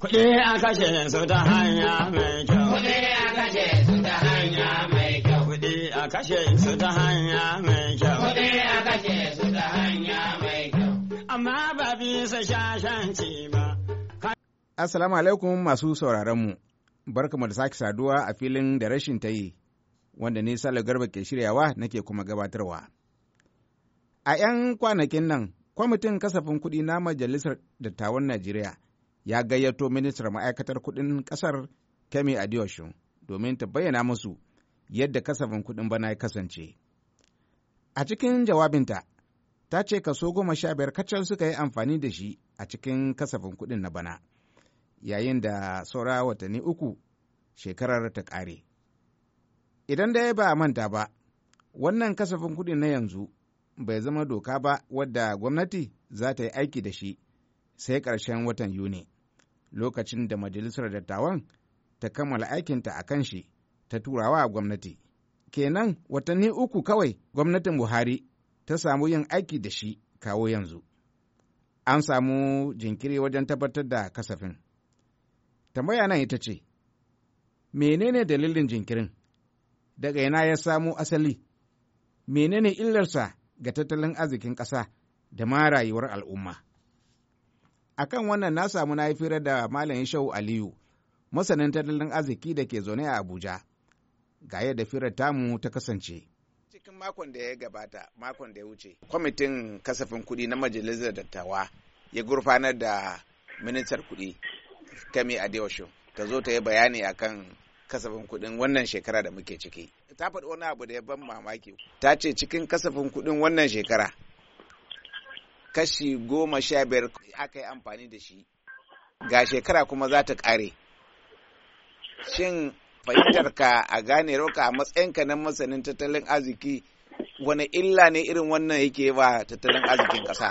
Kuɗi a kashe su ta hanya mai kyau. Kuɗi a kashe su ta hanya mai kyau. Kuɗi a kashe su ta hanya mai kyau. Kuɗi a kashe su ta hanya mai kyau. Amma ba bisa shashanci ba. Assalamu alaikum masu sauraronmu. Barkamu da sake saduwa a filin da rashin ta yi, wanda ni Salo Garba ke shiryawa nake kuma gabatarwa. A 'yan kwanakin nan, kwamitin kasafin kuɗi na Majalisar Dattawan Najeriya ya gayyato ministar ma'aikatar kuɗin ƙasar kemi adioshin domin ta bayyana musu yadda kasafin kuɗin bana ya kasance a cikin jawabinta ta ce kaso goma sha biyar kacal suka yi amfani da shi a cikin kasafin kuɗin na bana yayin da saura watanni uku shekarar ta kare idan da ya ba manta ba wannan kasafin kuɗin na yanzu bai zama doka ba wadda gwamnati za ta yi aiki da shi sai ƙarshen watan yuni lokacin da majalisar dattawan ta kammala aikinta a kan shi ta turawa gwamnati. Kenan watanni uku kawai gwamnatin Buhari ta samu yin aiki da shi kawo yanzu. An samu jinkiri wajen tabbatar da kasafin. Tambaya nan ita ce, menene dalilin jinkirin? Daga ina ya samo asali? Menene illarsa ga tattalin arzikin ƙasa da ma rayuwar al'umma? akan wannan na samu na yi firar da malamin shau aliyu masanin tattalin arziki da ke zaune a abuja ga yadda firar tamu ta kasance cikin makon da ya gabata makon da ya wuce kwamitin kasafin kuɗi na majalisar dattawa ya gurfanar da ministar kuɗi kami adeosho ta zo ta yi bayani akan kasafin kuɗin wannan shekara da muke ciki ta faɗi wani abu da ya ban mamaki ta ce cikin kasafin kuɗin wannan shekara kashi goma sha biyar aka yi amfani da shi ga shekara kuma za ta ƙare shin fahimtar ka a gane roka a matsayinka na masanin tattalin arziki wani illa ne irin wannan yake ba tattalin arzikin ƙasa?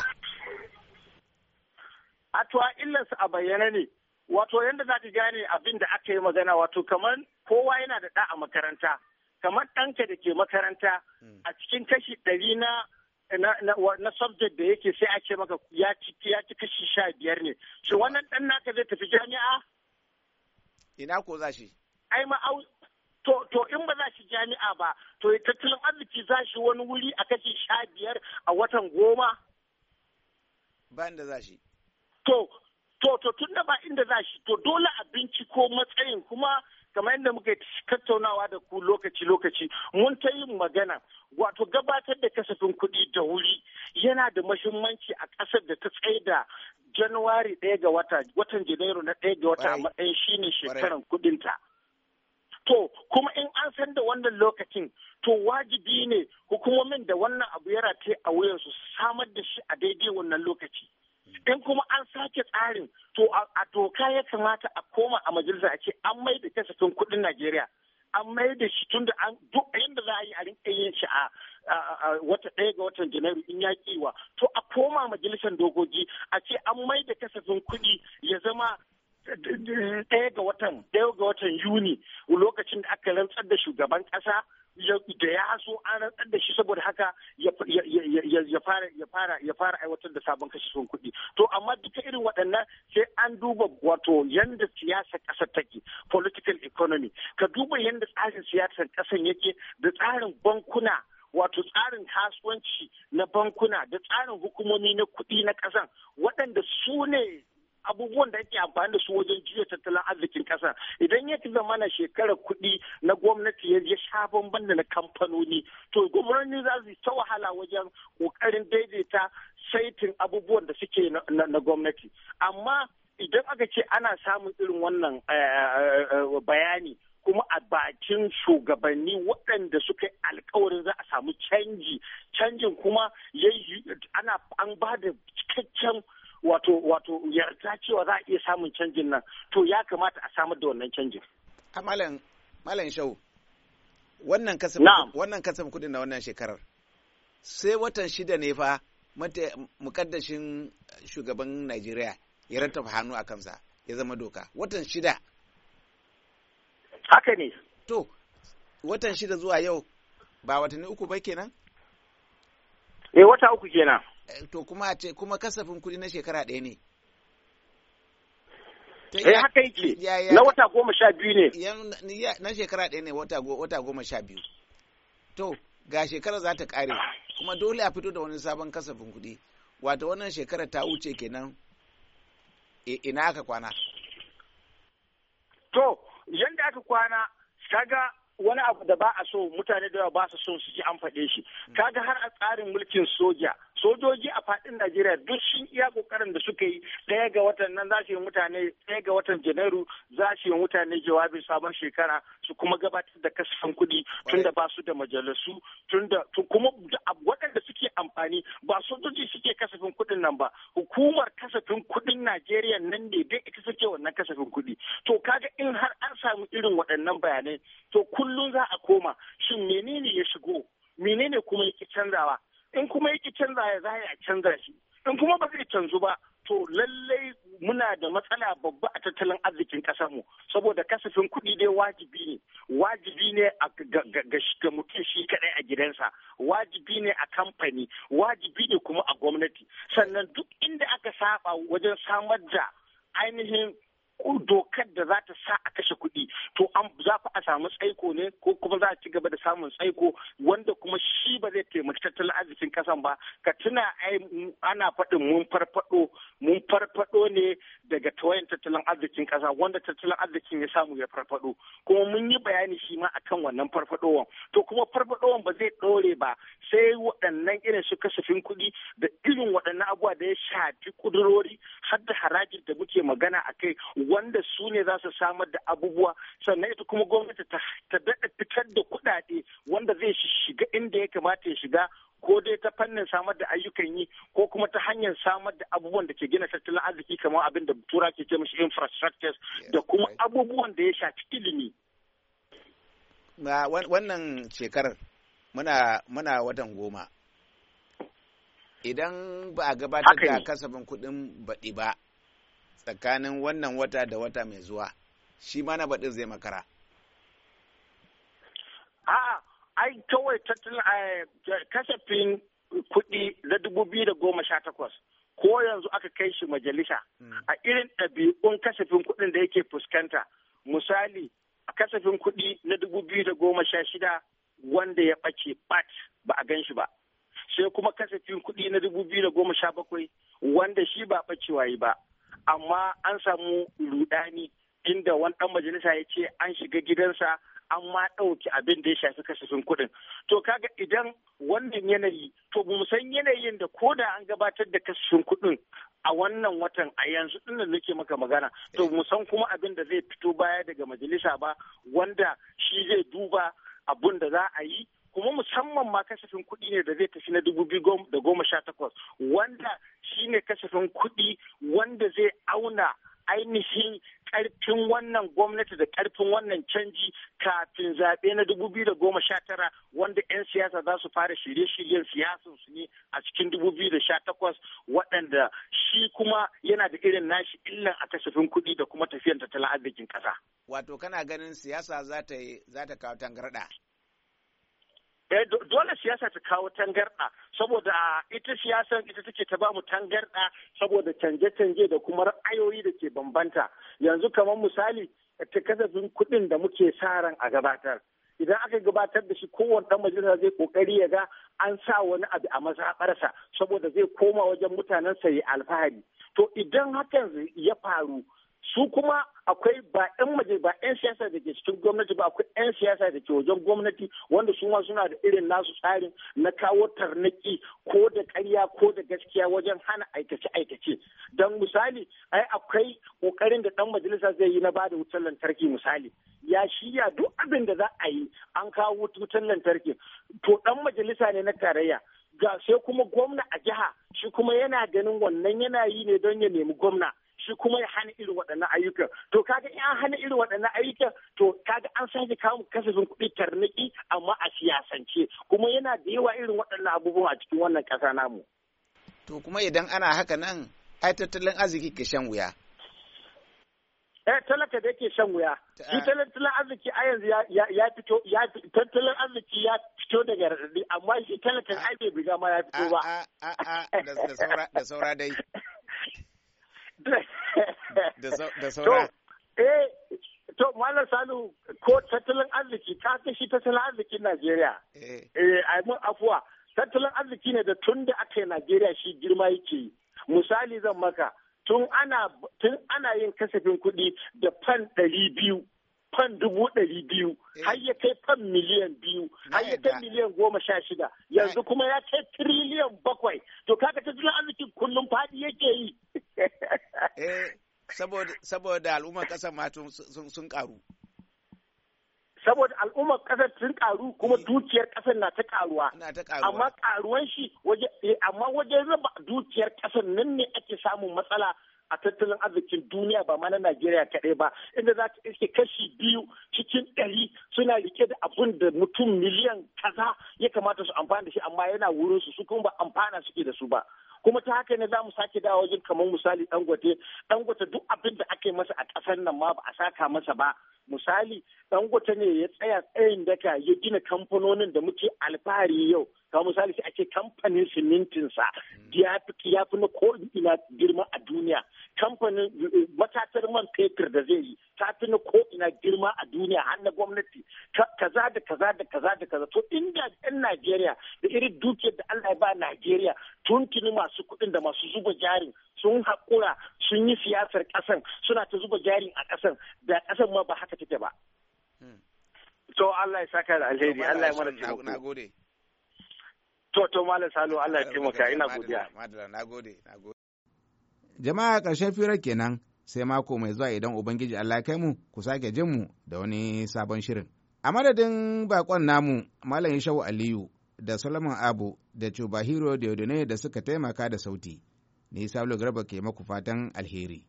a tuwa su a bayyana ne wato yadda za ta gane abin da aka yi magana wato kamar kowa yana da ɗa a makaranta kamar ɗanka da ke makaranta hmm. a cikin kashi ɗari na na subject da yake sai a ce maka ya ci ya ci kashi sha biyar ne shi wannan dan naka zai tafi jami'a ina ko za shi ai ma to to in ba za shi jami'a ba to tattalin arziki za shi wani wuri a kashi sha biyar a watan goma ban da za shi to to to tun da ba inda za shi to dole a binciko matsayin kuma kamar yadda muka tattaunawa da ku lokaci-lokaci mun ta yin magana wato gabatar da kasafin kuɗi da wuri yana da mahimmanci a ƙasar da ta tsaye da januwari ɗaya ga wata watan janairu na ɗaya ga wata a matsayin shine shekaran kuɗinta to kuma in an san da wannan lokacin to wajibi ne hukumomin da wannan abu ya rataye a wuyansu samar da shi a daidai wannan lokaci in kuma an sake tsarin to a doka ya kamata a koma a majalisa a ce an mai da kasafin kuɗin najeriya an mai da shi tun da an duk yadda za a yi a rinka yin shi a wata ɗaya ga watan janairu in ya kiwa to a koma majalisar dokoki a ce an mai da kasafin kuɗi ya zama ɗaya ga watan ɗaya ga watan Yuni lokacin da aka rantsar da shugaban ƙasa da ya so an rantsar da shi saboda haka ya fara ya fara ya fara aiwatar da sabon kashe kuɗi to amma duka irin waɗannan sai an duba wato yanda siyasar ƙasar take political economy ka duba yanda tsarin siyasar ƙasar yake da tsarin bankuna wato tsarin kasuwanci na bankuna da tsarin hukumomi na kuɗi na ƙasan waɗanda su ne abubuwan da ake amfani da su wajen juya tattalin arzikin ƙasa idan ya zama na shekarar kuɗi na gwamnati ya sha bamban da na kamfanoni to gwamnati za su ta wahala wajen ƙoƙarin daidaita saitin abubuwan da suke na gwamnati amma idan aka ce ana samun irin wannan eh, eh, eh, bayani kuma a bakin shugabanni waɗanda suka yi alkawarin za a samu canji canjin kuma ana an ba da cikakken wato wato yarda cewa za a iya samun canjin nan to ya kamata a samar da wannan canjin a ah, malam malam shau wannan kasafin wannan kasafin kudin na wannan shekarar sai watan shida ne fa mata mukaddashin shugaban Najeriya ya ranta hannu a kansa ya zama doka watan shida haka ne to watan shida zuwa yau ba watanni uku ba kenan eh wata uku kenan to kuma a ce kuma kasafin kuɗi na shekara ɗaya ne eh haka yake na wata goma sha biyu ne na shekara ɗaya ne wata goma sha biyu to ga shekara za ta ƙare kuma dole a fito da wani sabon kasafin kuɗi wata wannan shekara ta wuce kenan e, ina aka kwana to yadda aka kwana kaga wani abu da ba a so mutane da yawa ba su so su ji an faɗe shi mm. kaga har a tsarin mulkin soja sojoji a faɗin najeriya duk sun iya kokarin da suka yi daya ga watan nan za su yi mutane ɗaya ga watan janairu za su yi mutane jawabin sabon shekara su kuma gabatar da kasafin kuɗi tun da ba su da majalisu tun da kuma waɗanda suke amfani ba sojoji suke kasafin kuɗin nan ba hukumar kasafin kuɗin najeriya nan ne dai ita suke wannan kasafin kuɗi to kaga in har an samu irin waɗannan bayanai to kullum za a koma shin menene ya shigo menene kuma ki canzawa in kuma yake canza ya za a canza shi in kuma ba zai canzu ba to lallai muna da matsala babba a tattalin arzikin mu saboda kasafin kuɗi dai wajibi ne wajibi ne ga mutum shi kadai a gidansa wajibi ne a kamfani wajibi ne kuma a gwamnati sannan duk inda aka saba wajen samar da ainihin dokar da za ta sa a kashe kuɗi to an za ku a samu tsaiko ne ko kuma za a ci gaba da samun tsaiko wanda kuma shi ba zai taimaki tattalin arzikin kasan ba ka tuna ai ana faɗin mun farfaɗo mun farfaɗo ne daga tawayan tattalin arzikin kasa wanda tattalin arzikin ya samu ya farfaɗo kuma mun yi bayani shi ma akan wannan farfaɗowan to kuma farfaɗowan ba zai ɗore ba sai waɗannan irin su kasafin kuɗi da irin waɗannan abubuwa da ya shafi kudurori har da harajin da muke magana a kai wanda su ne za su samar da abubuwa sannan ita kuma gwamnati ta daɗa fitar da kuɗaɗe wanda zai shiga inda ya kamata ya shiga ko dai ta fannin samar da ayyukan yi ko kuma ta hanyar samar da abubuwan da ke gina tattalin arziki kamar abin da tura ke ce mashi infrastructures da kuma abubuwan da ya shafi ilimi. wannan shekarar muna muna watan goma idan ba a gabatar da kasafin kuɗin baɗi ba tsakanin wannan wata da wata mai zuwa shi mana baɗin zai makara a'a ai kawai tattalin eh, kasafin kuɗi na dubu biyu da goma sha takwas ko yanzu aka kai shi majalisa hmm. a irin ɗabi'un kasafin kuɗin da yake fuskanta misali a kasafin kuɗi na dubu biyu da goma sha shida wanda ya ɓace bat ba a gan shi ba sai kuma kasafin kuɗi na dubu biyu da goma sha bakwai wanda shi ba ɓacewa yi ba amma an samu rudani inda wani dan majalisa ya ce an shiga gidansa an ma ɗauki abin da ya shafi kasafin kuɗin. To kaga idan wannan yanayi to mu san yanayin da ko da an gabatar da kasafin kuɗin a wannan watan a yanzu ɗin da nake maka magana to mu san kuma abin da zai fito baya daga majalisa ba wanda shi zai duba abin da za a yi kuma musamman ma kasafin kuɗi ne da zai tafi na dubu biyu da goma sha takwas wanda shine kasafin kuɗi wanda zai auna ainihin karfin wannan gwamnati da karfin wannan canji kafin zaɓe na dubu biyu da goma sha tara wanda 'yan siyasa za su fara shirye-shiryen siyasansu ne a cikin dubu biyu da sha takwas waɗanda shi kuma yana da irin nashi illan a kasafin kuɗi da kuma tafiyar tattalin arzikin ƙasa. Wato kana ganin siyasa za ta kawo tangarɗa? Eh, dole siyasa ta kawo tangarɗa saboda ita siyasan ita take ta bamu tangarɗa saboda canje-canje da kuma ra'ayoyi da ke bambanta yanzu kamar misali ta kasafin kuɗin da muke sa ran a gabatar idan aka gabatar da shi kowane ɗan majalisa zai kokari ya ga an sa wani abu a mazaɓarsa saboda zai koma wajen mutanen ya alfahari to idan hakan ya faru su kuma akwai ba 'yan maje ba 'yan siyasa da ke cikin gwamnati ba akwai 'yan siyasa da ke wajen gwamnati wanda su ma suna da irin nasu tsarin na kawo tarnaki ko da karya ko da gaskiya wajen hana aikace-aikace don misali ai akwai kokarin da ɗan majalisa zai yi na ba da wutar lantarki misali ya shirya duk abin da za a yi an kawo wutar lantarki to ɗan majalisa ne na tarayya ga sai kuma gwamna a jiha shi kuma yana ganin wannan yana yi ne don ya nemi gwamna shi kuma ya hana irin waɗannan ayyukan to kaga in an hana irin waɗannan ayyukan to kaga an sake kawo kasafin kuɗi tarniki amma a siyasance kuma yana da yawa irin waɗannan abubuwa a cikin wannan ƙasa namu to kuma idan ana haka nan ai tattalin arziki ke shan wuya eh talaka da yake shan wuya shi tattalin arziki a yanzu ya fito ya tattalin arziki ya fito daga radadi amma shi talakan ai bai biga ma ya fito ba da saura dai da eh, to malam salihu ko tattalin arziki ka shi tattalin arzikin Najeriya eh. eh ai mun afuwa tattalin arziki ne da tun da aka yi Najeriya shi girma yake yi misali zan maka tun ana yin kasafin kuɗi da fan ɗari biyu fan dubu ɗari biyu eh. har ya kai fan miliyan biyu har ya kai miliyan goma sha shida yanzu kuma ya kai tiriliyan bakwai to kaga tattalin arziki kullum faɗi yake yi saboda al'ummar kasar ma sun karu saboda al'ummar kasar sun karu kuma eh. dukiyar kasar na ta karuwa amma karuwan shi waje eh, amma wajen raba dukiyar kasar nan ne ake samun matsala a tattalin arzikin duniya ba ma na Najeriya kaɗai ba inda za ta iske kashi biyu cikin ɗari suna rike da abin da mutum miliyan kaza ya kamata su amfana da shi amma yana wurin su su kuma ba amfana suke da su ba kuma ta haka ne za mu sake dawo wajen kamar misali dangote dangote duk abin da aka masa a ƙasar nan ma ba a saka masa ba misali dangote ne ya tsaya tsayin daka ya gina kamfanonin da muke alfahari yau kamar misali sai ake kamfanin simintinsa mm. ya fi ya fi na ko ina girma a duniya kamfanin matatar man fetur da zai yi ta fi na ko ina girma a duniya har na gwamnati kaza da kaza da kaza da kaza to inda yan Najeriya da irin dukiyar da Allah ya ba Najeriya tun tuni masu kuɗin da masu zuba jarin sun haƙura sun yi siyasar ƙasan suna ta zuba jarin a ƙasan da ƙasan ma ba haka take ba. Hmm. To Allah ya saka da alheri Allah ya mana taimako. Na gode. To to Malam Salo Allah ya taimaka ina godiya. Madalla na gode na gode. Jama'a ƙarshen fira kenan sai mako mai zuwa idan Ubangiji Allah kai mu ku sake jin mu da wani sabon shirin. A madadin bakon namu Malam Ishawu Aliyu da solomon abu da chubahiro diodone da suka taimaka da sauti ni sablo garba ke maku fatan alheri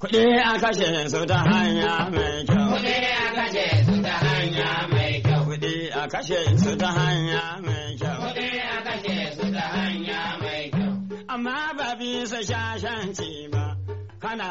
kuɗi a kashe su ta hanya mai kyau kuɗi a kashe su ta hanya mai kyau kuɗi a kashe su ta hanya mai kyau kuɗi a kashe su ta hanya mai kyau amma ba bisa shashanci ba kana